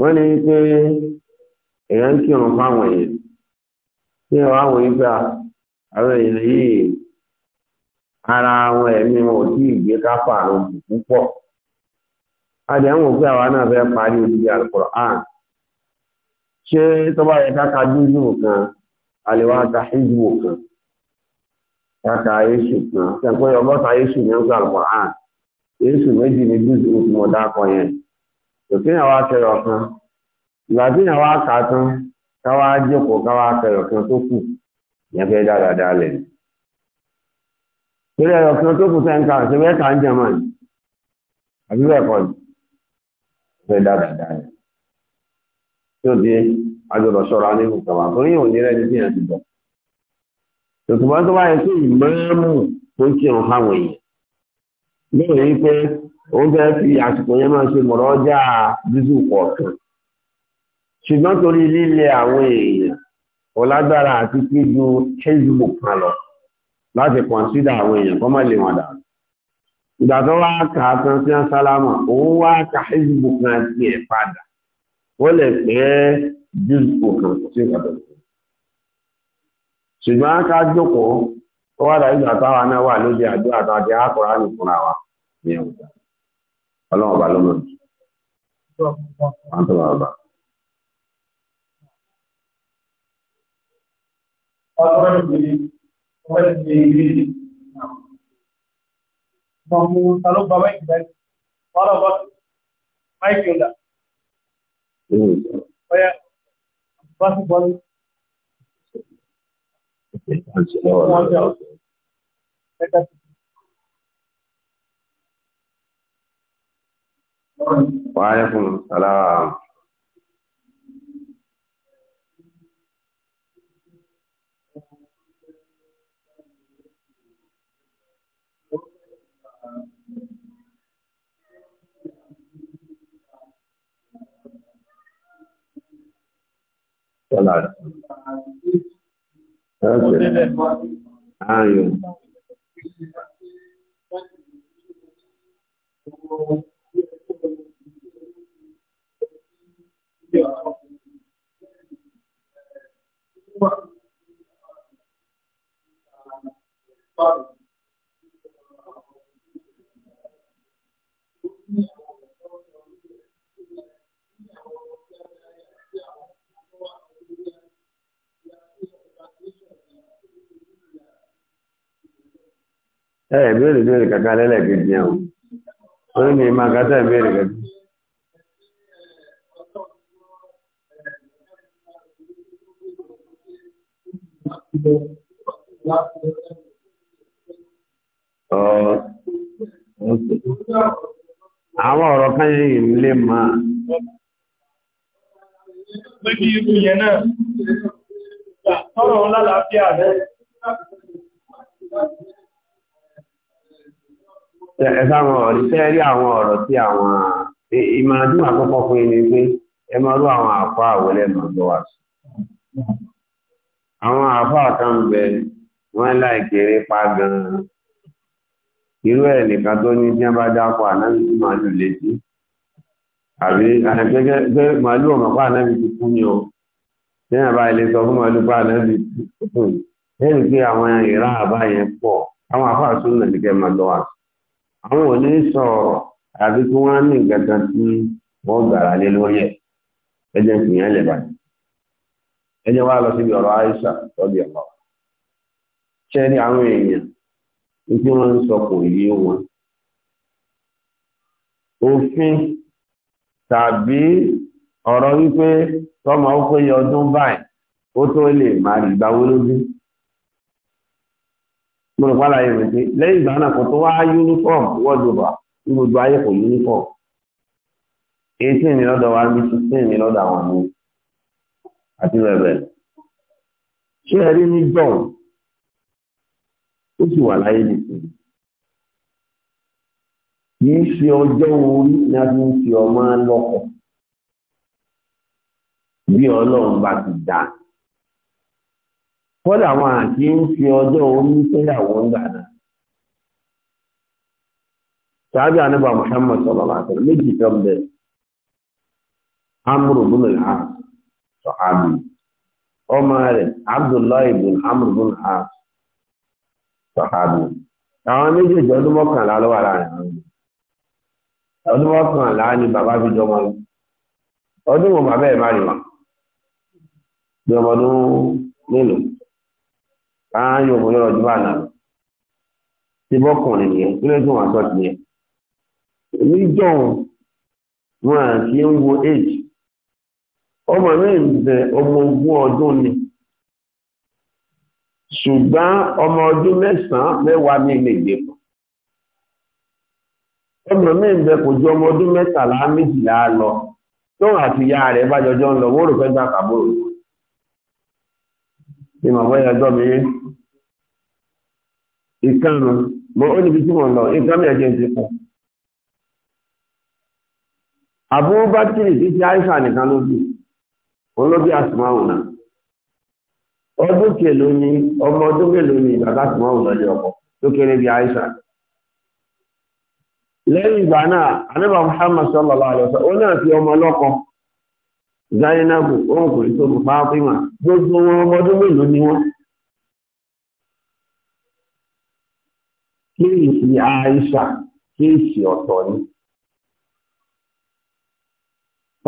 wọ́n ní pé èèyàn ń kírun fáwọn èèyàn tí wọ́n àwọn àwọn èèyàn yìí ara àwọn ẹ̀mí wọn ò tí ì gbé káfà àrùn púpọ̀ adé ń wò pé àwa náà fẹ́ parí odidi alukur'an ṣé tó bá yẹ káka dúdú kan àlewà ta híjú kan káka yéṣù kan ṣe pé ọgọ́ta yéṣù ní ń sọ alukur'an yéṣù méjì ní dúdú yẹn. òkèèyàn wa kẹyọ kan ìgbà téèyàn wá kà tán káwá jókòó káwá kan tó kù ìyẹn fẹ́ dáradára lẹ̀ ní. kan tó kù sẹ́ńkà ṣe fẹ́ kà ń jẹ mọ́ àbí bẹ́ẹ̀ kọ́ ni fẹ́ dáradára Tí ó di agbọ̀dọ̀ ṣọ́ra nínú ìtàwá torí ìwọ̀n ní rẹ́ni yẹn ti bọ̀. Tòtùbọ́n tó bá yẹ kí ó fẹ́ fi àsìkò yẹn máa ṣe mọ̀rọ̀ ọjà dísù kọ̀ọ̀kan ṣùgbọ́n torí líle àwọn èèyàn ọlágbára àti píjú facebook kan lọ láti kọ̀nsídà àwọn èèyàn kọ́ má lè wọn dà ìgbà tó wá kà á tán sí òun wá ka facebook kan ẹ̀ padà ó lè pẹ́ dísù kan sí ṣùgbọ́n ká jókòó ó wá dàbí ìgbà táwa náà wà lóde ní ọlọ́run ọba ló mọ̀ jù wọ́n tó wà bá. ọlọ́run ìgbèlè ọlọ́run ìgbèlè mọ̀ mú ta ló gba máìkì báyìí wọ́n lọ bọ́ máìkì وعليكم السلام Salat. Okay. Ayun. ẹ ìbéèrè ìbéèrè kankan lẹ́lẹ́kejì ẹ̀ o ó ní ìmọ̀ àkátà ìbéèrè kankan. àwọn ọ̀rọ̀ kan yìí lè máa pé irú náà tọ́rọ̀ wọn lálàáfíà rẹ̀ rí àwọn ọ̀rọ̀ tí àwọn kọ́kọ́ fún pé ẹ rú àwọn àpá wà sí pa irú ẹ̀ nìkan tó ní tí a bá dápọ̀ ànábì tí màálù létí àbí àgbẹ̀gbẹ̀ màálù ọmọ pa ànábì ti kú ni o tí wọ́n bá ilé sọ fún màálù pa ànábì lẹ́yìn pé àwọn ìran àbá yẹn pọ̀ àwọn ní àwọn sọ̀rọ̀ àbí kí wọ́n ní nǹkan tí wọ́n ń sọ kò yé wọn. Òfin tàbí ọ̀rọ̀ wípé tọ́mọ ó péye ọdún báyìí ó tó lè máa rí ìgbà wọlójú. Mo rò pálá yẹn wípé lẹ́yìn ìgbà náà kò tó wá yúnífọ̀mù wọ́dùbà ní gbogbo ayé kò yúnífọ̀mù. Eighteen ni lọ́dọ̀ wa ní sixteen ni lọ́dọ̀ àwọn mi àti bẹ́ẹ̀ bẹ́ẹ̀. Ṣé ẹ rí ní John? ó sì wà láyé nìkan kì í ṣe ọjọ́ orí ni a fi ń fi ọmọ lọ́kọ̀ bí ọlọ́run bá ti dá wọn àti ń fi ọjọ́ orí ń Muhammad Sọlọ méjì bẹ al Abdullahi sàhábì àwọn méjèèjì ọdún mọ́kànlá ló wà láàrin àwọn ọdún mọ́kànlá ni bàbá fi jọmọ yìí ọdún wọn bàbá ẹ̀ má rí wọn bí ọmọ ọdún mélòó àwọn yóò mú yọrọ jùlọ àná tí bọ́kùnrin nìyẹn tí lóòótọ́ wọn sọ tìyẹn níjọ́ wọn àti ń wo age ọmọ mi bẹ ọmọ ogún ọdún ni ṣùgbọ́n ọmọ ọdún mẹ́sàn-án mẹ́wàá mi lè gbé pọ̀ ọmọ mi ń kò ju ọmọ ọdún mẹ́tàlá méjìlá lọ tóun àti ìyá rẹ̀ bá jọjọ́ ń lọ wọ́n rò fẹ́ gbà kàbórò ní màbọ́ ìyàjọ́ mi yé ìkànnù mọ́ ó níbi tí mo lọ nǹkan mẹ́ẹ̀ jẹ́ ti pọ̀ àbúrò bá tìrì títí àìsàn nìkan ló bì òun ló bí àsùnmáwò náà ọdún kèlò ni ọmọ ọdún kèlò ni bàbá sùmọ́ òun lọ́lẹ̀ ọkọ̀ tó kéré bí Aisha lẹ́yìn ìgbà náà anábà Muhammad sallallahu alaihi wasallam ó náà fi ọmọ ọlọ́kọ Zainabu òun kò rí tó mú Aisha kéèsì ọ̀tọ̀ ni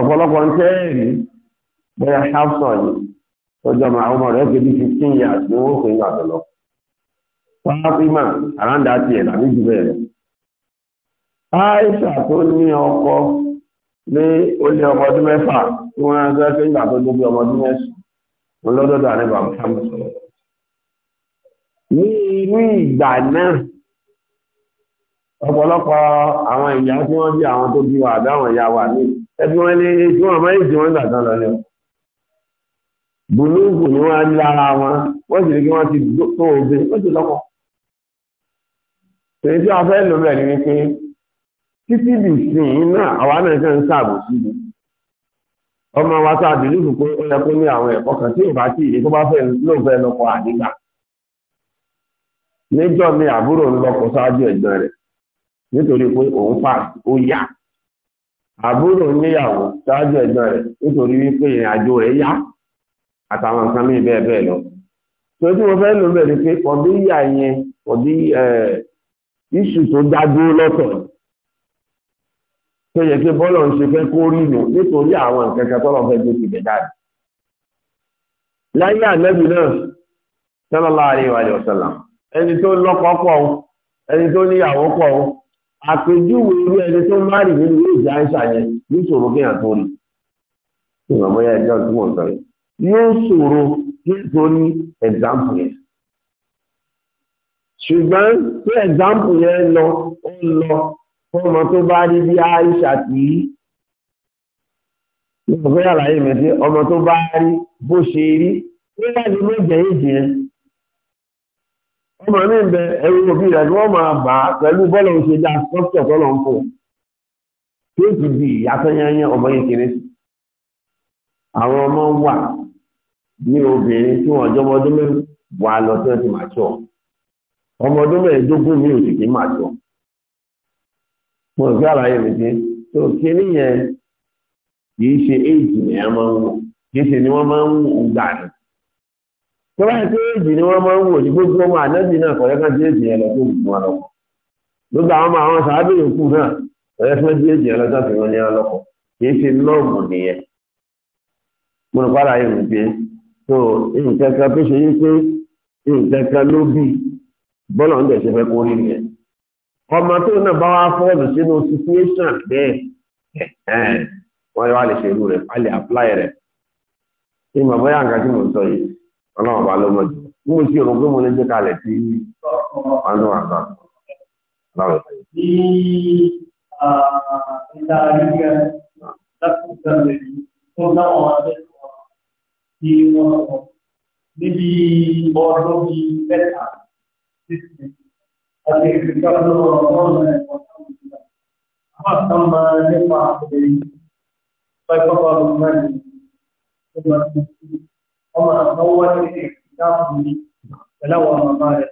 ọ̀pọ̀lọpọ̀ ń tẹ́ẹ̀rí bóyá tọ́jọ́ máa ọmọ rẹ̀ kébí fifteen years ni wọ́n fún ìgbà tó lọ. Fáfímà àrándà tiẹ̀ làbí jù bẹ́ẹ̀ lọ. Aisha tó ní ọkọ ní olè ọmọ ọdún mẹ́fà tí wọ́n rán sẹ́fẹ́ ìgbà tó débi ọmọ ọdún mẹ́sàn-án lọ́dọ̀dọ̀ àrẹ́bà Mùsàmù sọ̀rọ̀. Ní inú ìgbà náà, ọ̀pọ̀lọpọ̀ àwọn ìyá tí wọ́n bí àwọn tó bí wà àbí àwọn ìyá wà ní ẹbí wọn lé tí wọ́n máa ń jù wọ́n tán lọ lẹ́wọ̀n bùlóògù ni wọ́n lára wọn wọ́n sì rí kí wọ́n ti tó obe wọ́n ti lọ́kọ̀. èyí tí wọ́n fẹ́ lò bẹ̀ ni wípé títí bì sìn náà àwa náà ṣe ń ṣàbò síbi ọmọ wa tá a bìlífù pé ó yẹ kó ní àwọn ẹ̀kọ́ kan tí ò bá tí èyí tó bá fẹ́ lóò fẹ́ lọ́kọ̀ àdígbà níjọ́ mi àbúrò ń lọ́kọ̀ ṣáájú ẹ̀gbọ́n rẹ̀ nítorí pé òun fà ó yá àbúrò níyàwó ṣáájú ẹ̀gbọ́n rẹ̀ nítorí wípé ìrìn àjò rẹ̀ yá àtàwọn nǹkan mí bẹ́ẹ̀ bẹ́ẹ̀ lọ tó tí mo fẹ́ lò bẹ̀rẹ̀ pé ọdíyà yẹn ọdí iṣu tó dájú lọ́tọ̀ tó yẹ pé bọ́lọ̀ ń ṣe fẹ́ kó rí nù nítorí àwọn nǹkan kan tọ́lọ̀ fẹ́ gbé ti bẹ̀ jáde láyé ànẹ́bì náà sallallahu alaihi wa sallam ẹni tó lọ́kọ pọ̀ ẹni tó níyàwó pọ̀ àpèjúwe orí ẹni tó márì nínú ìjà ìṣàyẹn níṣòro kéèyàn tó rí ìrànmọ́yà ẹjọ́ tí mò ń sọ yóò ṣòro nítorí ẹ̀dáǹpù yẹn ṣùgbọ́n tí ẹ̀dáǹpù yẹn lọ ó lọ fọ́mọ tó bá rí bí Aisha tí yóò fẹ́ àlàyé mi sí ọmọ tó bá rí bó ṣe rí nígbà tí mo jẹ èjì yẹn ọmọ mi bẹ ẹrú òbí rẹ kí wọ́n máa bà á pẹ̀lú bọ́ọ̀lù ṣe dá sọ́kítọ̀ tọ́lọ̀ ń fò tí ó ti di ìyá sẹ́yìn ọmọ yẹn kéré sí àwọn ọmọ wà bí obìnrin tí wọ́n jọ ọmọ ọdún mẹ́rin wà lọ tí wọ́n ti máa tí ọ ọmọ ọdún mẹ́ẹ̀ẹ́dógún mi ò sì kí máa tí mo fi àlàyé mi pé tó kíní yẹn kì í ṣe éèjì ni wọ́n máa ń wò kì í ṣe ni wọ́n máa ń wò gbà ní tó bá yẹ pé éèjì ni wọ́n máa ń wò ní gbogbo ọmọ ànábì náà kọ̀ọ̀yẹ́ kan déèjì yẹn lọ tó gbogbo wọn lọ gbogbo àwọn ọmọ àwọn sàábì yòókù náà kọ̀ọ̀yẹ́ kan déèjì yẹn lọ tó ní wọn kì í ṣe lọ́ọ̀mù nìyẹn mo rò pàdà mi pé so nǹkan kan tó ṣe yí pé nǹkan kan ló bí bọ́lá ń dẹ̀ ṣe fẹ́ kó rí rẹ̀ ọmọ tó náà bá wá fọ́ọ̀lù sínú situation bẹ́ẹ̀ wọ́n wá lè ṣe rẹ̀ a lè apply rẹ̀ kí n bàbá yà nǹkan tí mo sọ yìí ọlọ́run bá ló mọ̀ jù mú sí òun pé mo lè gbé kalẹ̀ sí ọdún àgbà láwọn ìpàdé. ní ah, ìta àríyá láti ìgbà mẹ́rin tó náwọn abẹ́rẹ́ tí wọ́n lọ níbi ọdún bí mẹ́ta títí àti ìgbìkàlọ́ ọlọ́run ẹ̀kọ́ àwọn kan máa nípa obìnrin pẹ́pọ́pọ́ lọ́nà tó máa ti kú ọmọ àwọn wá sí ìdáàbò mi pẹ̀lú àwọn màmá rẹ̀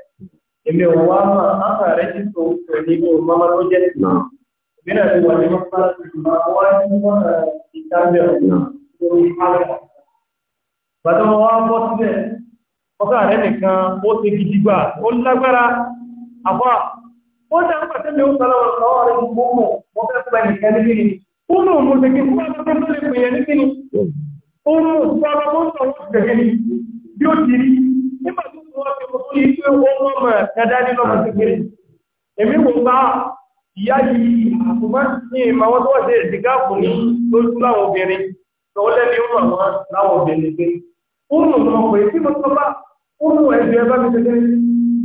èmi ò wá máa ápá rẹ̀ tí kò tó ní kò máma tó jẹ́ sí ìgbéra ti wà ní mọ́tò láti máa wá sí ìdáàbò mi lórí pálọ̀ gbàtọ́ wọn wọ́n bọ́ sílẹ̀ ọkà rẹ̀ nìkan ó ṣe gidi gbà ó lágbára àbá ó dá ń pàtẹ́ mi ó sọ lọ́wọ́ lọ́wọ́ rẹ̀ ní gbogbo wọn fẹ́ pẹ́ nìkan ní kíni ó nù mú ṣe kí fún bá tó lè pè yẹn ní kíni ó mú fún bá tó sọ wọn ṣe kíni bí ó ti rí nígbà tó sọ wọn ṣe kó tó ìyá yìí àkùnmọ́ ní ìmọ̀wọ́ tó wà sí ìdígá kùnú tó ń obìnrin lọ́wọ́ lẹ́ni ó mọ̀ wọn láwọn obìnrin pé oòrùn ọmọ pẹ̀lú tí mo sọ bá oòrùn ẹ̀jẹ̀ bá mi tẹ̀lé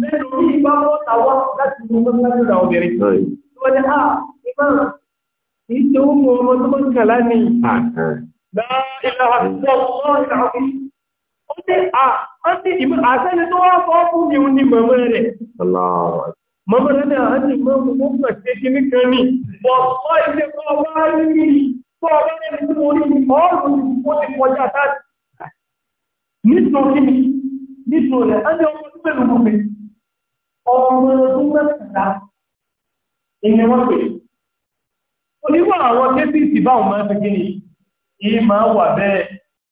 lẹ́nu bí ibà mọ́ta wá láti mú mọ́ta lọ́dà obìnrin. Ah, ah, wọ́n ní à ìmọ̀ kìí ah, ṣe ó mú ọmọ tó ń kàlá ní Mọ́mọ́ lọ́nà àti mọ́mọ́ mọ́mọ́ ṣe kí ní kan ní, wọ́n fọ́ ilé kọ́ wá rí rí, fọ́ ọ̀rẹ́ ẹni tí mo rí ọ̀rùn ó ti kọjá táàtì nítorí nítorí ẹni ọmọ tó pẹ̀lú gbogbo ọmọ ọdún mẹ́ta ìyẹn wọ́n pè oníwọ̀ àwọn débìtì báwọn máa fẹ́ gíní yìí máa wà bẹ́ẹ̀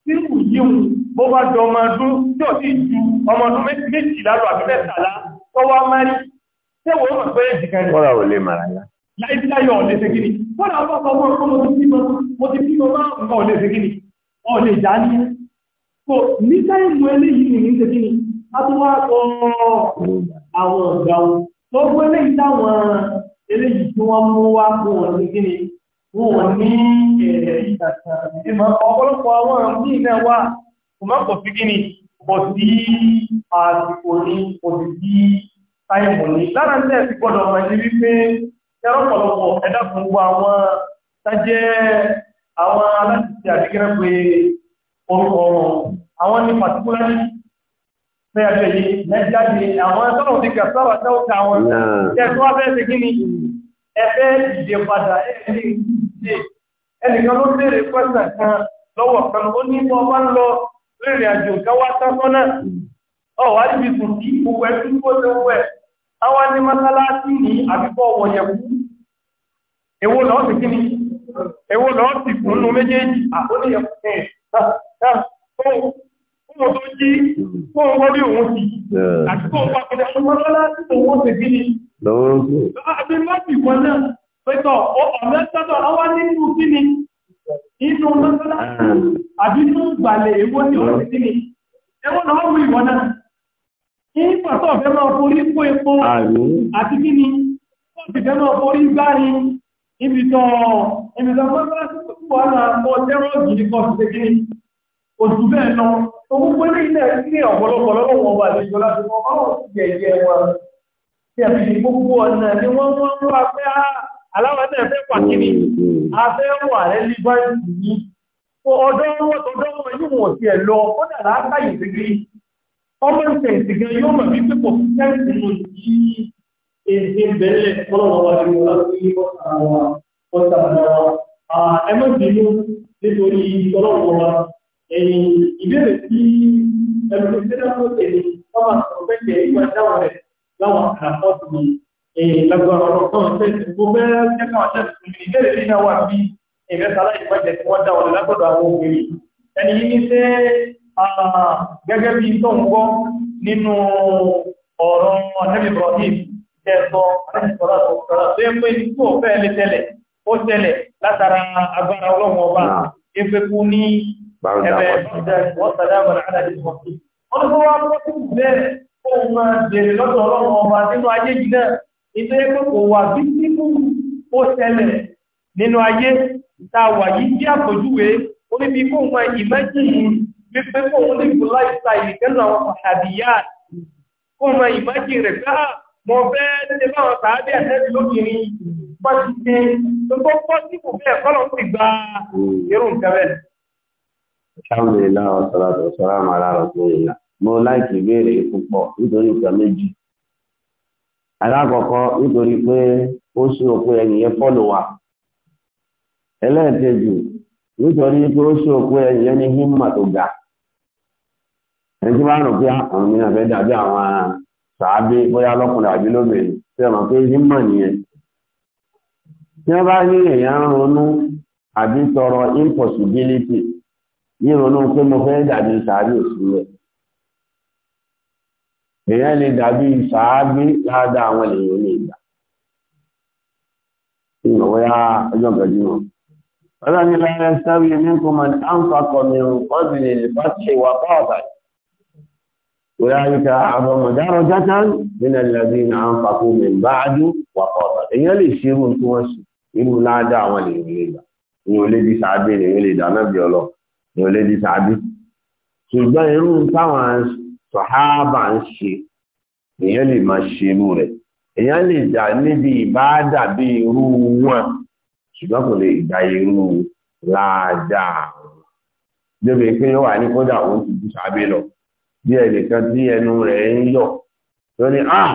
tí kù yíò bó bá jọ ọmọ ọdún tí ó sì ju ọmọ ọdún méjì lálọ àbí mẹ́tàlá tó wá mẹ́rí tẹ́wọ̀ ọmọ pé ìjìká ní ọ̀rọ̀ olè màrà yá láìsíláyọ̀ ọ̀lẹ́ fẹ́ gíní wọ́n So, ní táìmù eléyìí ní ṣe kí ni, a tó wá kọ́ àwọn ọ̀gá o. Tó gbé eléyìí táwọn eléyìí tí wọ́n mú wá fún wọn ní kí ni, wọ́n ní ẹ̀rẹ̀ ìmọ̀ ọ̀pọ̀lọpọ̀ àwọn ní iná wá, kò má pọ̀ sí kí ni, pọ̀ sí àsìkò ní, pọ̀ sí sí àwọn ní pàtíkúlárì fẹ́ ẹgbẹ́ yìí àwọn ẹ̀sọ́nà ti kẹsọ́rọ̀ tẹ́ọ̀tẹ́ àwọn ẹ̀sọ́ wá kí ni ẹfẹ́ ìdè padà ẹnìkan ló bèèrè pẹ́sà kan lọ́wọ́ kan ó ní bọ́ bá ń lọ rìnrìn àjò káwá sásọ́nà ọ̀wá níbi sùn kí gbogbo ẹ̀ tí ó lè wẹ̀ àwọn ní mọ́sálásí ní àbíkọ́ wọ̀nyẹ̀kú èwo lọ́ọ́ ti kí ni èwo lọ́ọ́ sí kó wọ́n ní òun sí àti kó wọ́n padà ṣọmọ́lọ́lá tí òun ṣe bí ní abẹ́mọ́bì wọn náà pẹ́tọ̀ ọ̀rẹ́ sọ́tọ̀ ọwá nínú kí ni inú mọ́sọ́lá àbí inú gbàlẹ̀ èwo ní òun sí ni ẹwọ́n náà wù ìwọ náà ní pàtó ọ̀fẹ́ máa forí kó epo àti kí ni ọ̀fẹ́ máa forí gbárí ibi tọ́ ibi tọ́ mọ́sọ́lá tó wà náà mọ́ tẹ́rọ̀ gbogbo ní ilẹ̀ ní ọ̀pọ̀lọpọ̀ lọ́wọ́ wà ní ìjọ láti mọ́ ọ́rọ̀ sí ẹ̀yẹ wa tí a fi ní gbogbo ọ̀nà ni wọ́n wọ́n ń wá pé ah, aláwọ̀ náà fẹ́ pàkínì afẹ́ wà rẹ̀ lígbà yìí ọdọ́ wọn tọdọ́ wọn yóò wọ̀ sí ẹ̀ lọ ó dà látàyè sígi ọmọ ìsẹ̀ǹsì gan yóò mọ̀ bí pípọ̀ sẹ́ǹsì mo yí èdè bẹ̀rẹ̀ fọlọ́wọ́ wa ní ọlá sí ọ̀sán wa ọ̀sán wa ẹ̀mọ́ nítorí ọlọ́wọ́ wa ẹ̀yìn ìbéèrè tí ẹ̀rọ ìṣẹ́dá tó tẹ̀lé ọmọ ọ̀pẹ́kẹ̀ ìgbà dáwọ̀ rẹ̀ láwọn àràpọ̀tù mi lágbára ọ̀rọ̀ kan ṣe ti gbogbo bẹ́ẹ̀ kẹ́kọ̀ọ́ ṣe ti ìbéèrè ní náà wà bí ìrẹsà láì pẹ́jẹ tí wọ́n dáwọ̀ lágbọ̀dọ̀ àwọn obìnrin ẹni yìí ní ṣe gẹ́gẹ́ bí tó ń gbọ́ nínú ọ̀rọ̀ ọ̀nẹ́bí Ibrahim tẹ̀sọ̀ àtẹ̀sọ̀rọ̀ sọ̀rọ̀ tó yẹ pé tó fẹ́ lé tẹ́lẹ̀ ó tẹ́lẹ̀ látara agbára ọlọ́run ọba ẹgbẹ́kú ní Nínú ayé, ìtawà yìí jẹ́ àpòjúwé, ó ní bí kó wọn ìmẹ́jìnì wípé kó wọn lè gbọ́ láìsá ìrìnkẹ́lù àwọn àdìyà kó wọn ìmẹ́jìnì rẹ̀ káà ah, mọ̀ bẹ́ẹ̀ tẹ́lẹ̀ àwọn tàbí àtẹ́lẹ̀ lókìnrin pọ́ alhamdulilayi wa salatu wa salamu ala rasulillah mo láìkì ìbéèrè púpọ̀ alákọ̀ọ́kọ́ nítorí pé ó ṣe òpin ẹnìyẹn fọ́lù wa ẹlẹ́ẹ̀kejì nítorí pé ó ṣe òpin ẹnìyẹn ní hímà ga ẹni tí wọ́n pé ah, àwọn fẹ́ dàbí àwọn sàábé bóyá lọ́kùnrin àbí lóbìnrin tí wọ́n pé ní ìrònú pé mo fẹ́ dàbí sàábí òsì rẹ̀. èèyàn lè dàbí sàábí láàdá àwọn èèyàn ní ìgbà tí mo wáyá ọjọ́ gẹ̀ẹ́jú wọn. ọlọ́run ní láyé sábì ní kò mọ̀ ní àǹfààkọ̀ mi ò kọ́sì lè ah, lè fàṣẹ ìwà pọ́ọ̀tà. Oláyíká àbọ̀mọ̀dárọ̀ játán nínú ìlàdí ní àǹfààkọ̀ mi bá ájú wà pọ́ọ̀tà. èèyàn lè ṣe irú tí wọ́n ṣe irú láàdá àwọn èèyàn ní ìgbà. ìyẹn ò lè di sàábí èèyàn lè bí ọlọ́run ní olè di sàbí ṣùgbọ́n irú táwọn sọ̀hábà ń ṣe èèyàn lè máa ṣe irú rẹ̀ èèyàn lè dà níbi ìbáàdà bí irú wọn ṣùgbọ́n kò lè dà irú ládàá débi pé ó wà ní kódà òun ti ju sàbí lọ bí ẹnìkan tí ẹnu rẹ̀ ń yọ tó ní ah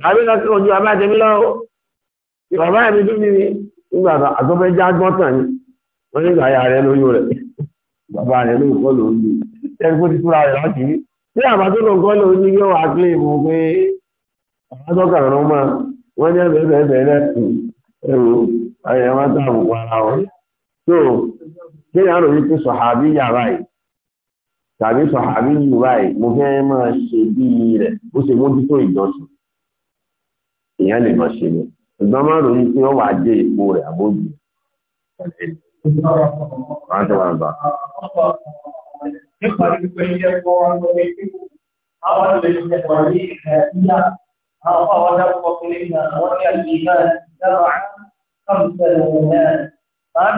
sàbí lọ sí ojú abájẹmí lọ́wọ́ bàbá mi dúró ní nígbà àtọ́fẹ́já gbọ́tàn wọ́n nígbà ayà rẹ̀ lóyún rẹ̀ bàbá rẹ̀ ló kọ́ ló ń lò ẹni kó ti túra rẹ̀ láti rí tí àbá tó lọ́n kọ́ ló ń ní yóò wá gbé mu pé àbátọ́kà rẹ̀ mọ́ wọ́n ní ẹ̀bẹ̀ ẹ̀bẹ̀ ẹ̀bẹ̀ lẹ́kùn ẹ̀rù ayẹyẹ wọn tó àbùkù ara wọn. tó kéèyàn rò wípé sọ̀hábí yàrá yìí tàbí sọ̀hábí yàrá yìí mo fẹ́ máa ṣe bí rẹ̀ ó ṣe mójútó ìjọsìn èèyàn lè máa ṣe mi ìgbọ́n máa rò wípé ó wàá jẹ́ ipò rẹ̀ àbójú ẹ̀ẹ́dì Wọ́n tó wà ń bá. Nípa ìgbé ilé ẹ̀kọ́ àwọn àwọn àwọn adákọ̀ọ́kùnrin náà wọ́n ní àjíjá dábàá kọ́mùsẹ̀ lọ́wọ́